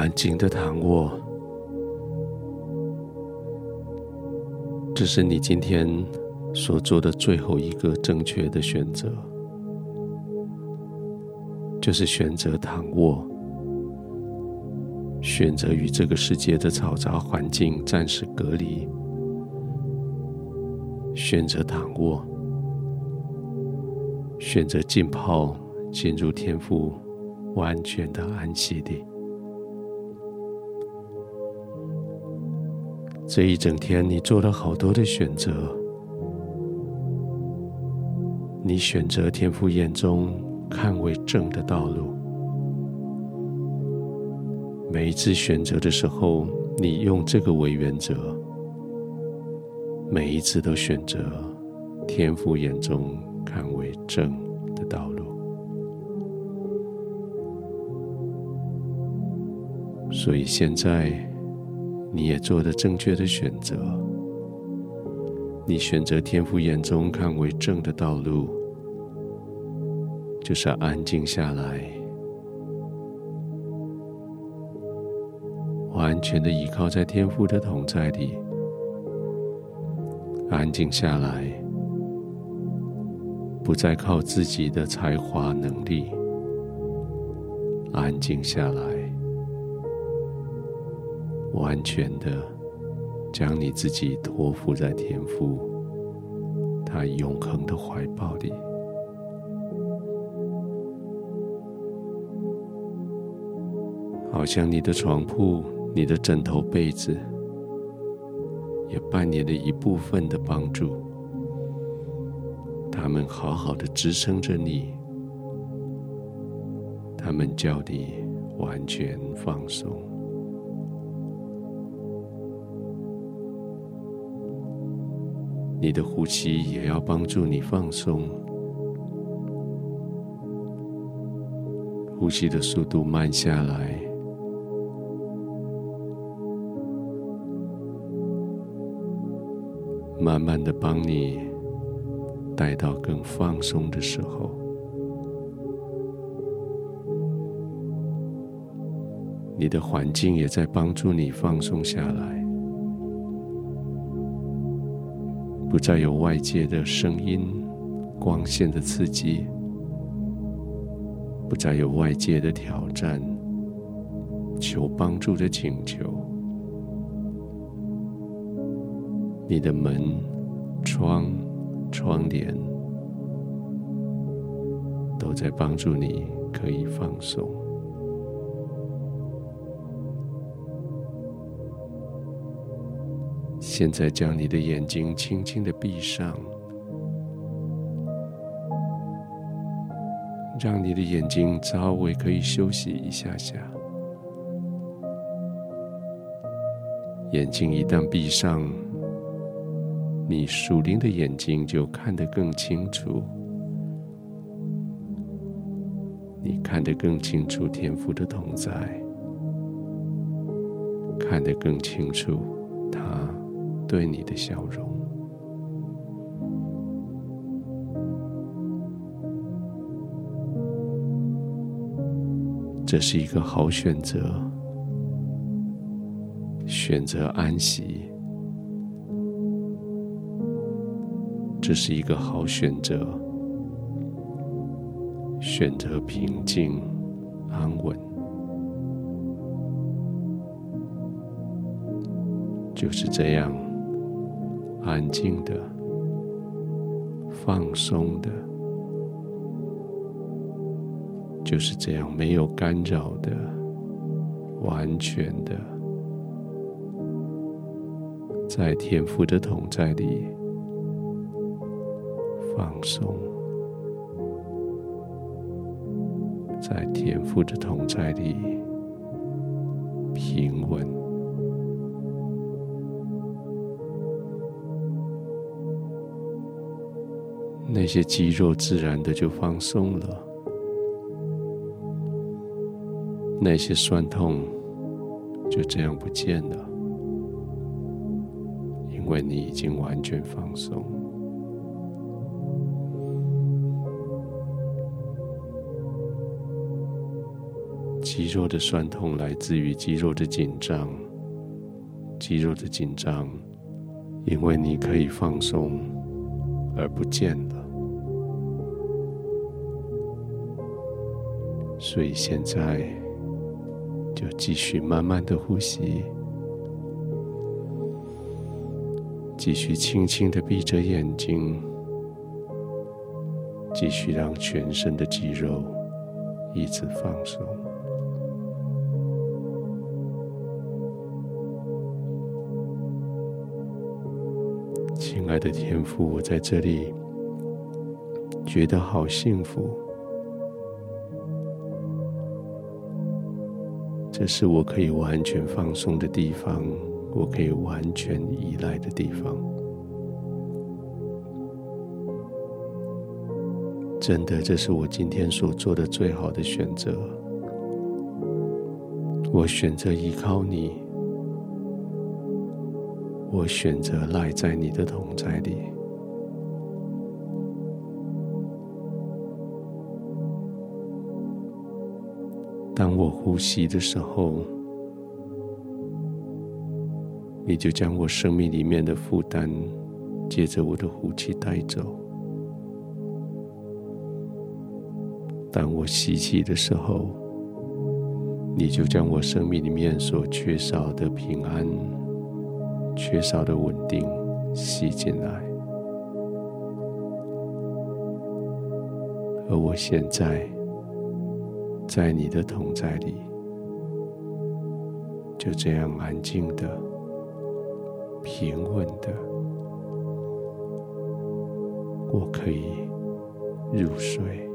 安靜的躺臥，這是你今天所做的最後一個正確的選擇，就是選擇躺臥，選擇與這個世界的嘈雜環境暫時隔離，選擇躺臥，選擇浸泡進入天父完全的安息裡。這一整天，你做了好多的選擇。你選擇天父眼中看為正的道路。每一次選擇的時候，你用這個為原則。每一次都選擇天父眼中看為正的道路。所以現在。你也做了正確的選擇。你選擇天父眼中看為正的道路，就是要安靜下來，完全的依靠在天父的同在裡，安靜下來，不再靠自己的才華能力，安靜下來。完全的將你自己托付在天父他永恆的懷抱裡，好像你的床鋪、你的枕頭、被子，也扮演了一部分的幫助。他們好好的支撐着你，他們叫你完全放鬆。你的呼吸也要幫助你放鬆，呼吸的速度慢下來，慢慢的幫你帶到更放鬆的時候。你的環境也在幫助你放鬆下來。不再有外界的聲音、光線的刺激，不再有外界的挑戰、求幫助的請求。你的門窗、窗簾都在幫助你，可以放鬆。現在將你的眼睛輕輕的閉上，讓你的眼睛稍微可以休息一下下。眼睛一旦閉上，你屬靈的眼睛就看得更清楚，你看得更清楚天父的同在，看得更清楚他。對你的笑容，這是一個好選擇。選擇安息，這是一個好選擇。選擇平靜、安穩，就是這樣。安靜的、放鬆的，就是這樣，沒有干擾的、完全的，在天父的同在裡放鬆，在天父的同在裡平穩。那些肌肉自然的就放鬆了，那些酸痛就這樣不見了，因為你已經完全放鬆。肌肉的酸痛來自於肌肉的緊張，肌肉的緊張，因為你可以放鬆而不見了。所以現在就繼續慢慢的呼吸，繼續輕輕的閉着眼睛，繼續讓全身的肌肉一直放鬆。親愛的天父，我在這裡，覺得好幸福。這是我可以完全放鬆的地方，我可以完全依賴的地方。真的，這是我今天所做的最好的選擇。我選擇依靠你，我選擇賴在你的同在裡。當我呼吸的時候，你就將我生命裡面的負擔，借着我的呼氣帶走；當我吸氣的時候，你就將我生命裡面所缺少的平安、缺少的穩定吸進來。而我現在。在你的同在裡，就這樣安靜的、平穩的，我可以入睡。